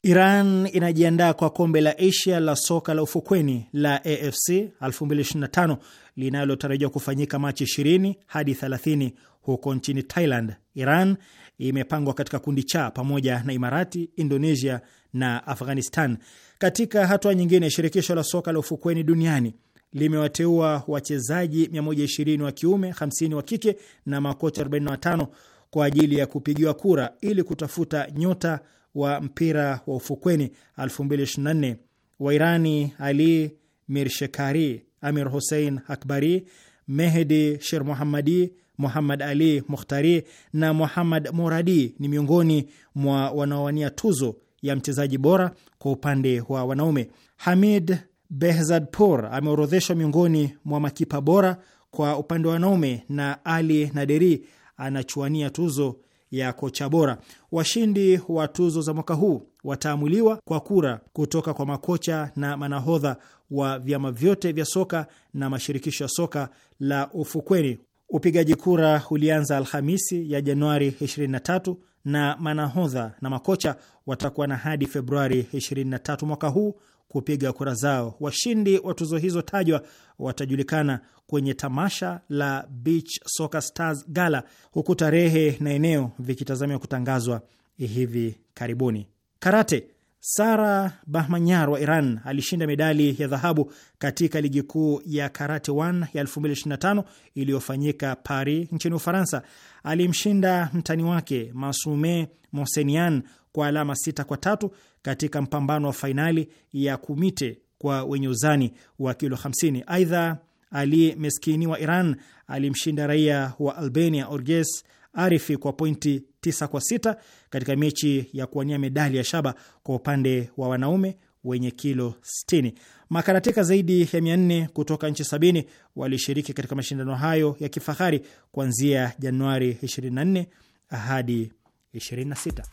Iran inajiandaa kwa kombe la Asia la soka la ufukweni la AFC 2025 linalotarajiwa kufanyika Machi 20 hadi 30 huko nchini Thailand. Iran imepangwa katika kundi cha pamoja na Imarati, Indonesia na Afghanistan. Katika hatua nyingine, shirikisho la soka la ufukweni duniani limewateua wachezaji 120 wa kiume, 50 wa kike na makocha 45 kwa ajili ya kupigiwa kura ili kutafuta nyota wa mpira wa ufukweni 2024. Wairani Ali Mirshekari, Amir Hussein Akbari, Mehdi Sher Muhammadi Muhammad Ali Mukhtari na Muhammad Moradi ni miongoni mwa wanaowania tuzo ya mchezaji bora kwa upande wa wanaume. Hamid Behzadpour ameorodheshwa miongoni mwa makipa bora kwa upande wa wanaume na Ali Naderi anachuania tuzo ya kocha bora. Washindi wa tuzo za mwaka huu wataamuliwa kwa kura kutoka kwa makocha na manahodha wa vyama vyote vya soka na mashirikisho ya soka la ufukweni Upigaji kura ulianza Alhamisi ya Januari 23 na manahodha na makocha watakuwa na hadi Februari 23 mwaka huu kupiga kura zao. Washindi wa tuzo hizo tajwa watajulikana kwenye tamasha la Beach Soccer Stars Gala, huku tarehe na eneo vikitazamiwa kutangazwa hivi karibuni. Karate Sara Bahmanyar wa Iran alishinda medali ya dhahabu katika ligi kuu ya Karate 1 ya 2025 iliyofanyika Paris nchini Ufaransa. Alimshinda mtani wake Masume Monsenian kwa alama sita kwa tatu katika mpambano wa fainali ya kumite kwa wenye uzani wa kilo 50. Aidha, Ali Meskini wa Iran alimshinda raia wa Albania Orges Arifi kwa pointi 9 kwa 6 katika mechi ya kuwania medali ya shaba kwa upande wa wanaume wenye kilo 60. Makaratika zaidi ya 400 kutoka nchi sabini walishiriki katika mashindano hayo ya kifahari kuanzia Januari 24 hadi 26.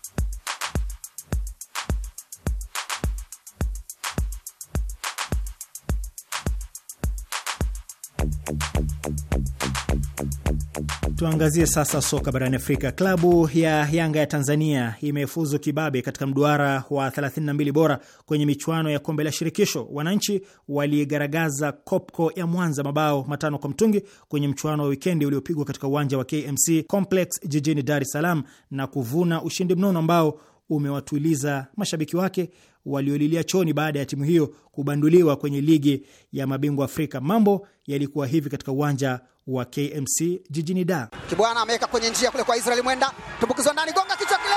Tuangazie sasa soka barani Afrika. Klabu ya Yanga ya Tanzania imefuzu kibabe katika mduara wa 32 bora kwenye michuano ya kombe la shirikisho. Wananchi waligaragaza Kopko ya Mwanza mabao matano kwa mtungi kwenye mchuano wa wikendi uliopigwa katika uwanja wa KMC Complex jijini Dar es Salaam na kuvuna ushindi mnono ambao umewatuliza mashabiki wake waliolilia choni baada ya timu hiyo kubanduliwa kwenye ligi ya mabingwa Afrika. Mambo yalikuwa hivi katika uwanja wa KMC jijini Dar. Kibwana ameweka kwenye njia kule kwa israel mwenda tumbukizwa ndani, gonga kichwa kile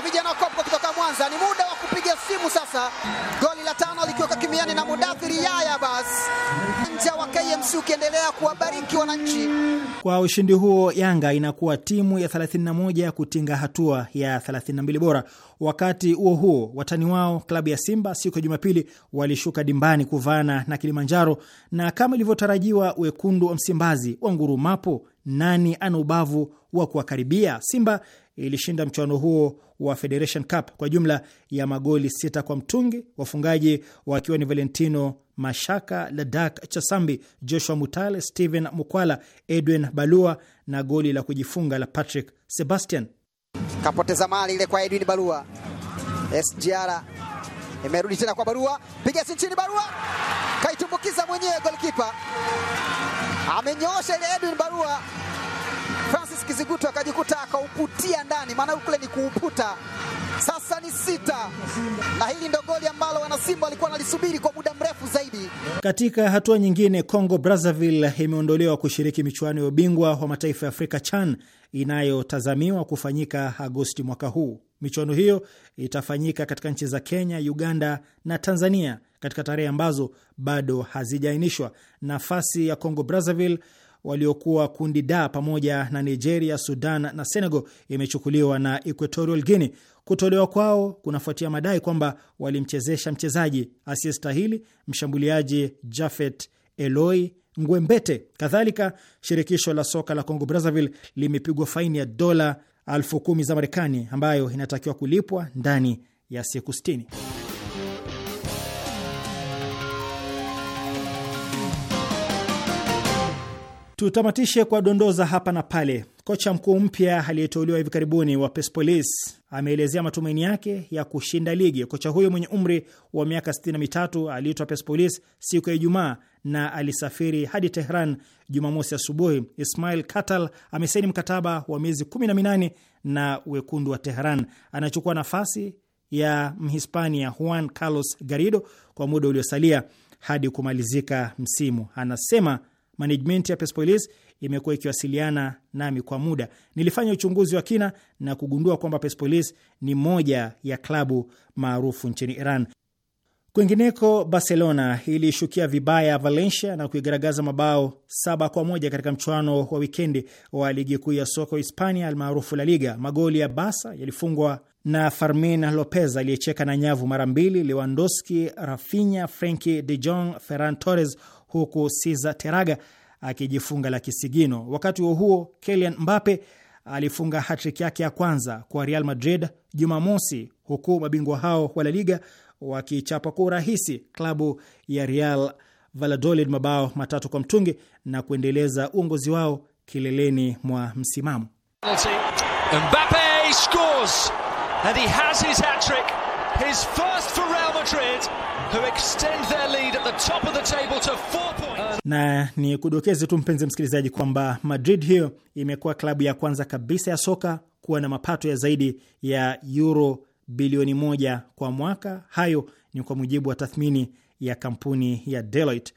wa vijana wa Kopko kutoka Mwanza. Ni muda wa kupiga simu sasa, goli la tano likiweka kimiani na Mudathiri Yaya Bas, uwanja wa KMC ukiendelea kuwabariki wananchi. Kwa ushindi huo, Yanga inakuwa timu ya 31 kutinga hatua ya 32 bora. Wakati huo huo, watani wao klabu ya Simba siku ya Jumapili walishuka dimbani kuvana na Kilimanjaro, na kama ilivyotarajiwa, wekundu wa Msimbazi wa ngurumapo nani ana ubavu wa kuwakaribia. Simba ilishinda mchuano huo wa Federation Cup kwa jumla ya magoli sita kwa mtungi, wafungaji wakiwa ni Valentino Mashaka, Ladak Chasambi, Joshua Mutale, Steven Mukwala, Edwin Balua na goli la kujifunga la Patrick Sebastian. Kapoteza mali ile kwa Edwin Balua. SGR imerudi tena kwa Barua, piga si chini. Barua kaitumbukiza mwenyewe, golkipa amenyoosha ile Edwin Barua kizigutu akajikuta akauputia ndani, maana kule ni kuuputa. Sasa ni sita, na hili ndo goli ambalo wanasimba walikuwa wanalisubiri kwa muda mrefu zaidi. Katika hatua nyingine, Congo Brazzaville imeondolewa kushiriki michuano ya ubingwa wa mataifa ya Afrika CHAN inayotazamiwa kufanyika Agosti mwaka huu. Michuano hiyo itafanyika katika nchi za Kenya, Uganda na Tanzania katika tarehe ambazo bado hazijaainishwa. Nafasi ya Congo Brazzaville waliokuwa kundi da pamoja na Nigeria, Sudan na Senegal imechukuliwa na Equatorial Guinea. Kutolewa kwao kunafuatia madai kwamba walimchezesha mchezaji asiyestahili mshambuliaji Jafet Eloi Ngwembete. Kadhalika, shirikisho la soka la Congo Brazzaville limepigwa faini ya dola elfu kumi za Marekani ambayo inatakiwa kulipwa ndani ya siku sitini. Tutamatishe kwa dondoza hapa na pale. Kocha mkuu mpya aliyeteuliwa hivi karibuni wa Persepolis ameelezea matumaini yake ya kushinda ligi. Kocha huyo mwenye umri wa miaka 63 aliitwa Persepolis siku ya Ijumaa na alisafiri hadi Tehran Jumamosi asubuhi. Ismail Katal amesaini mkataba wa miezi 18 na wekundu wa Tehran. Anachukua nafasi ya Mhispania Juan Carlos Garrido kwa muda uliosalia hadi kumalizika msimu. Anasema management ya Persepolis imekuwa ikiwasiliana nami kwa muda. Nilifanya uchunguzi wa kina na kugundua kwamba Persepolis ni moja ya klabu maarufu nchini Iran. Kwingineko, Barcelona ilishukia vibaya Valencia na kuigaragaza mabao saba kwa moja katika mchuano wa wikendi wa ligi kuu ya soka Hispania almaarufu La Liga. Magoli ya Basa yalifungwa na Fermin Lopez aliyecheka na nyavu mara mbili, Lewandowski, Rafinha, Frenkie de Jong, Ferran Torres huku Siza Teraga akijifunga la kisigino. Wakati huo huo, Kylian Mbappe alifunga hatrick yake ya kwanza kwa Real Madrid Jumamosi, huku mabingwa hao wa La Liga wakichapa kwa urahisi klabu ya Real Valladolid mabao matatu kwa mtungi na kuendeleza uongozi wao kileleni mwa msimamo. Mbappe scores and he has his hat-trick. His first for Real Madrid, who extend their lead at the top of the table to four points. Uh, na ni kudokeze tu mpenzi msikilizaji kwamba Madrid hiyo imekuwa klabu ya kwanza kabisa ya soka kuwa na mapato ya zaidi ya euro bilioni moja kwa mwaka. Hayo ni kwa mujibu wa tathmini ya kampuni ya Deloitte.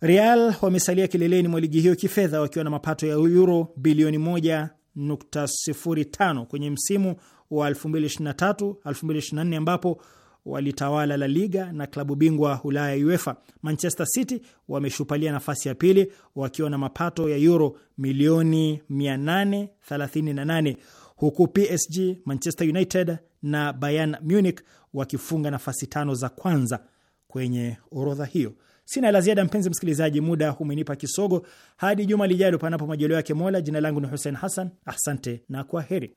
Real wamesalia kileleni mwa ligi hiyo kifedha wakiwa na mapato ya euro bilioni tano kwenye msimu wa 2023 2024 ambapo walitawala La Liga na klabu bingwa Ulaya UEFA. Manchester City wameshupalia nafasi ya pili wakiwa na mapato ya euro milioni 838 huku PSG, Manchester United na Bayern Munich wakifunga nafasi tano za kwanza kwenye orodha hiyo. Sina la ziada, mpenzi msikilizaji, muda umenipa kisogo. Hadi juma lijalo, panapo majaliwa yake Mola. Jina langu ni Hussein Hassan, asante na kwa heri.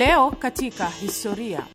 Leo katika historia.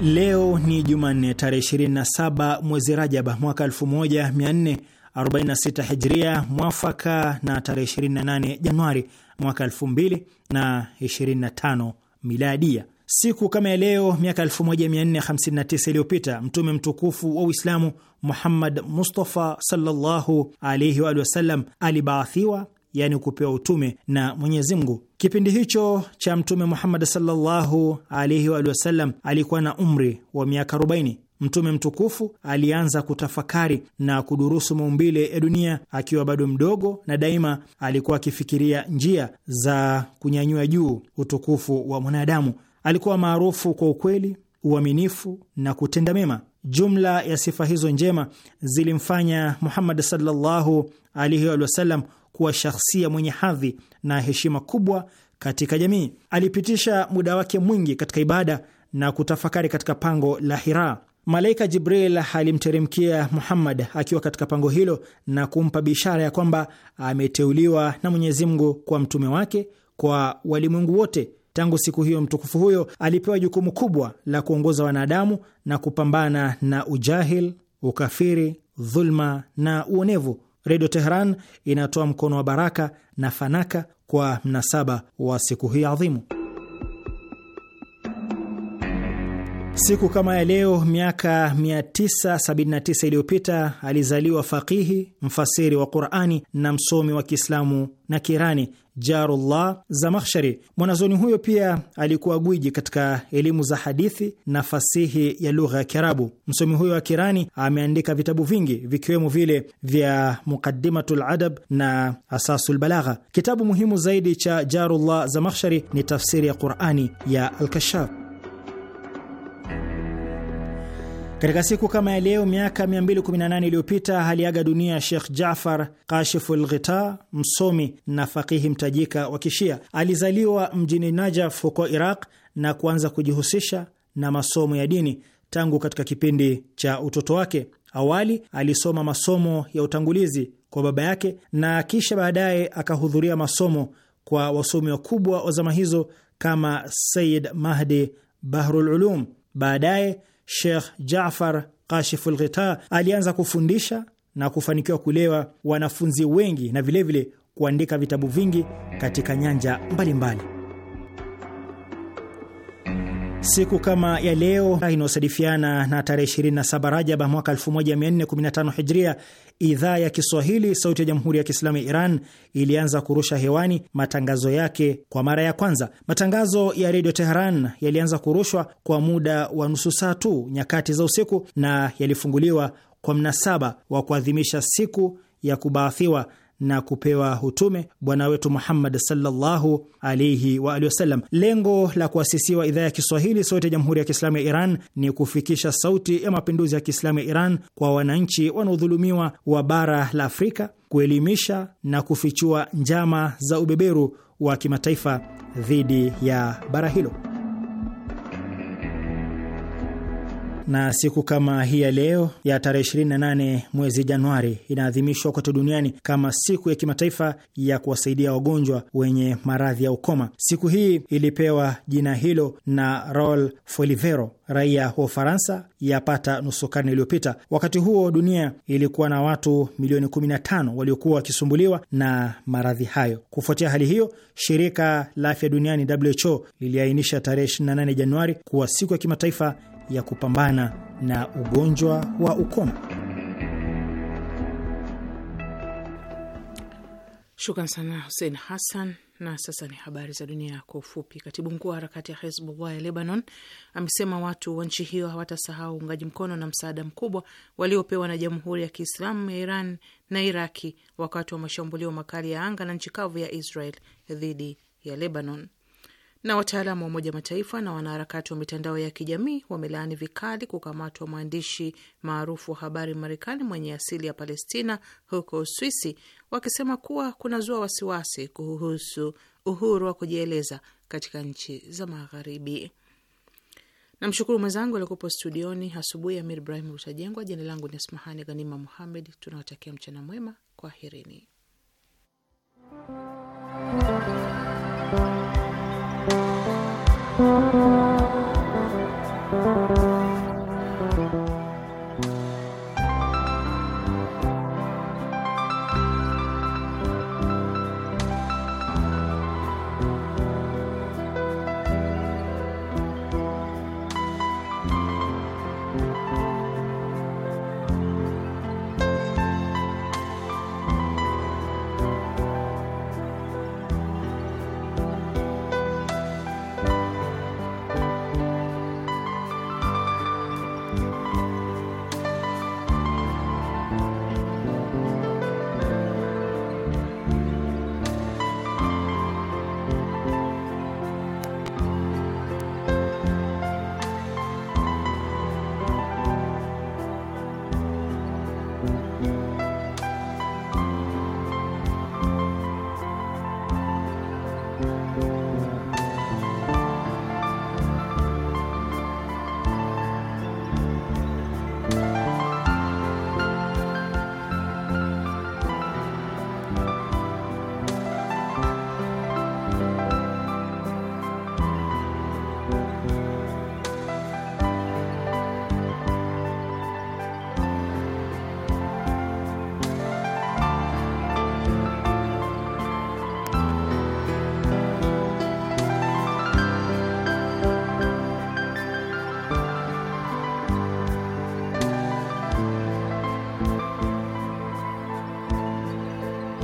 Leo ni Jumanne tarehe 27 mwezi Rajaba mwaka 1446 Hijria, mwafaka na tarehe 28 Januari mwaka 2025 Miladia. Siku kama ya leo miaka 1459 iliyopita Mtume mtukufu wa Uislamu Muhammad Mustafa sallallahu alaihi wa alihi wasallam alibaathiwa yani kupewa utume na Mwenyezi Mungu. Kipindi hicho cha Mtume Muhammad sallallahu alaihi wa sallam alikuwa na umri wa miaka 40. Mtume mtukufu alianza kutafakari na kudurusu maumbile ya dunia akiwa bado mdogo, na daima alikuwa akifikiria njia za kunyanyua juu utukufu wa mwanadamu. Alikuwa maarufu kwa ukweli, uaminifu na kutenda mema. Jumla ya sifa hizo njema zilimfanya Muhammad sallallahu alaihi wasallam kuwa shahsia mwenye hadhi na heshima kubwa katika jamii. Alipitisha muda wake mwingi katika ibada na kutafakari katika pango la Hira. Malaika Jibril alimteremkia Muhammad akiwa katika pango hilo na kumpa bishara ya kwamba ameteuliwa na Mwenyezi Mungu kwa mtume wake kwa walimwengu wote. Tangu siku hiyo mtukufu huyo alipewa jukumu kubwa la kuongoza wanadamu na kupambana na ujahil, ukafiri, dhulma na uonevu. Redio Teheran inatoa mkono wa baraka na fanaka kwa mnasaba wa siku hii adhimu. Siku kama ya leo miaka 979 iliyopita alizaliwa faqihi, mfasiri wa Qurani na msomi wa Kiislamu na Kirani Jarullah Zamakhshari. Mwanazoni huyo pia alikuwa gwiji katika elimu za hadithi na fasihi ya lugha ya Kiarabu. Msomi huyo wa Kirani ameandika vitabu vingi vikiwemo vile vya muqadimatu ladab na asasu lbalagha Kitabu muhimu zaidi cha Jarullah Zamakhshari ni tafsiri ya Qurani ya Alkashaf. Katika siku kama ya leo miaka 218 iliyopita aliaga dunia shekh Jafar kashifu lghita msomi na fakihi mtajika wa Kishia. Alizaliwa mjini Najaf huko Iraq na kuanza kujihusisha na masomo ya dini tangu katika kipindi cha utoto wake. Awali alisoma masomo ya utangulizi kwa baba yake na kisha baadaye akahudhuria masomo kwa wasomi wakubwa wa zama hizo kama Sayid Mahdi Bahrul Ulum. Baadaye Sheikh jafar Kashiful Ghita alianza kufundisha na kufanikiwa kulewa wanafunzi wengi na vilevile vile kuandika vitabu vingi katika nyanja mbalimbali mbali. Siku kama ya leo inayosadifiana na tarehe 27 rajaba mwaka 1415 Hijria, idhaa ya Kiswahili sauti ya jamhuri ya Kiislamu ya Iran ilianza kurusha hewani matangazo yake kwa mara ya kwanza. Matangazo ya redio Teheran yalianza kurushwa kwa muda wa nusu saa tu nyakati za usiku na yalifunguliwa kwa mnasaba wa kuadhimisha siku ya kubaathiwa na kupewa utume bwana wetu Muhammad sallallahu alaihi wa alihi wasallam. Lengo la kuasisiwa idhaa ya Kiswahili Sauti ya Jamhuri ya Kiislamu ya Iran ni kufikisha sauti ya mapinduzi ya Kiislamu ya Iran kwa wananchi wanaodhulumiwa wa bara la Afrika, kuelimisha na kufichua njama za ubeberu wa kimataifa dhidi ya bara hilo. na siku kama hii ya leo ya tarehe 28 mwezi Januari inaadhimishwa kote duniani kama siku ya kimataifa ya kuwasaidia wagonjwa wenye maradhi ya ukoma. Siku hii ilipewa jina hilo na rol Folivero, raia wa Ufaransa yapata nusu karne iliyopita. Wakati huo dunia ilikuwa na watu milioni 15 waliokuwa wakisumbuliwa na maradhi hayo. Kufuatia hali hiyo, shirika la afya duniani WHO liliainisha tarehe 28 Januari kuwa siku ya kimataifa ya kupambana na ugonjwa wa ukoma. Shukran sana Husein Hassan. Na sasa ni habari za dunia kwa ufupi. Katibu mkuu wa harakati ya Hezbollah ya Lebanon amesema watu wa nchi hiyo hawatasahau uungaji mkono na msaada mkubwa waliopewa na Jamhuri ya Kiislamu ya Iran na Iraki wakati wa mashambulio makali ya anga na nchi kavu ya Israel dhidi ya Lebanon. Na wataalamu wa Umoja Mataifa na wanaharakati wa mitandao ya kijamii wamelaani vikali kukamatwa mwandishi maarufu wa habari Marekani mwenye asili ya Palestina huko Uswisi, wakisema kuwa kunazua wasiwasi kuhusu uhuru wa kujieleza katika nchi za Magharibi. Namshukuru mwenzangu aliokopo studioni asubuhi, Amir Ibrahim Rutajengwa. Jina langu ni Asmahani Ghanima Muhammed. Tunawatakia mchana mwema, kwaherini. Thank you.